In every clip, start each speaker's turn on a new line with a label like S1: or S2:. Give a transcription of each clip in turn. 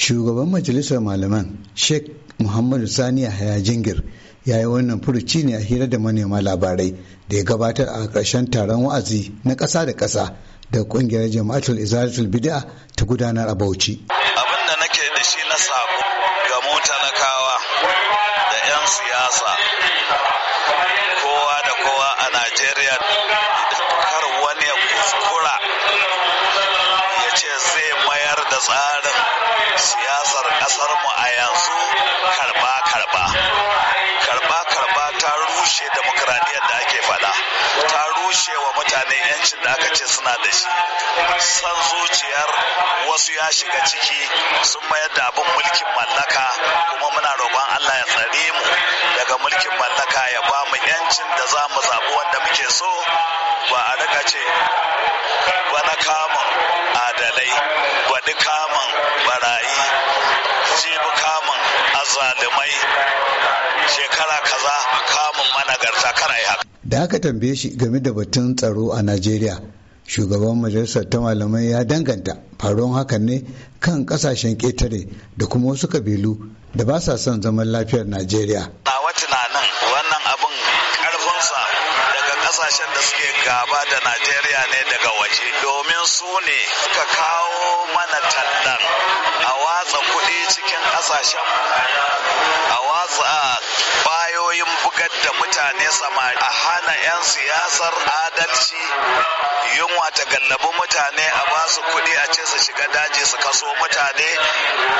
S1: shugaban majalisar malaman sheikh muhammadu sani haya jingir ya yi wannan furuci ne a hira da manema labarai da ya gabatar a ƙarshen taron wa'azi na ƙasa da ƙasa da ƙungiyar jama'atul izalatul bid'a ta gudanar a bauchi abin da nake da shi na
S2: sabo ga mu da 'yan siyasa kowa da kowa a najeriya kar wani ya kuskura ya ce zai maya tafiyar da tsarin siyasar kasar mu a yanzu karba karba karba karba ta rushe demokradiyyar da ake fada ta rushe wa mutane yancin da aka ce suna da shi san zuciyar wasu ya shiga ciki sun mayar da abin mulkin mallaka kuma muna roƙon Allah ya tsare mu daga mulkin mallaka ya ba mu yancin da za mu zaɓi wanda muke so ba a rika ce ba na kama mai shekara kaza a kamun
S1: managarta kana yi haka da aka tambaye shi game da batun tsaro a najeriya shugaban majalisar ta malamai ya danganta faruwan hakan ne kan kasashen ketare da kuma wasu kabilu da ba sa son zaman lafiyar najeriya nawa tunanin
S2: wannan abin karfinsa daga kasashen da suke gaba da najeriya ne daga waje domin su ne suka kawo mana talla kasashen a watsa bayoyin bugar da mutane samari a hana 'yan siyasar adalci yunwa ta gallabi mutane a basu kuɗi a ce su shiga daji su kaso mutane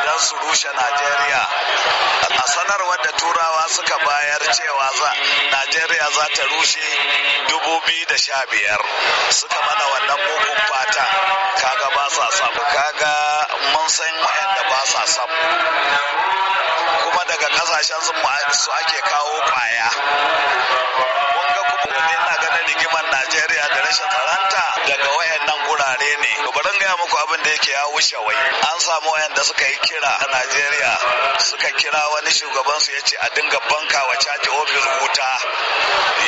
S2: don su rushe najeriya a sanarwa suka bayar cewa za najeriya za ta rushe 2015 suka mana wannan mugun fata kaga ba sa samu kaga mun san wa'anda ba sa samu kuma daga kasashen su ake kawo kwaya mun ga kuma ganin rigimar najeriya da rashin tsaranta daga nan, gurare ne bari gaya muku abin da yake ya wuce wai an samu wayanda suka yi kira a najeriya suka kira wani shugabansu ya ce a dinga banka wa caji ofis wuta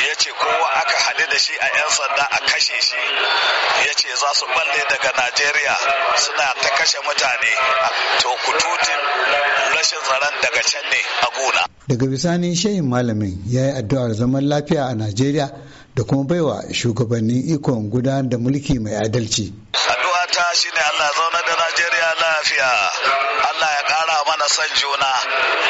S2: ya kowa aka hadu da shi a 'yan sanda a kashe shi yace ce za su balle daga najeriya suna ta kashe mutane to kututin rashin tsaron daga can ne a gona
S1: daga bisani shehin malamin ya yi addu'ar zaman lafiya a najeriya da kuma baiwa shugabannin ikon gudanar da mulki mai adalci addu'a ta shine allah zauna da najeriya lafiya Allah ya ƙara
S2: mana son juna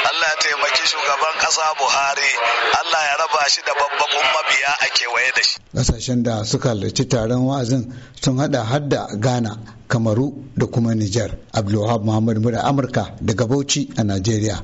S2: Allah ya taimaki shugaban ƙasa Buhari Allah ya raba shi da babbakun mabiya a kewaye da
S1: shi ƙasashen da suka halarci taron wa'azin sun hada da Ghana Kamaru da kuma Nijar Abdulwahab Muhammad Mura Amurka daga Bauchi a Najeriya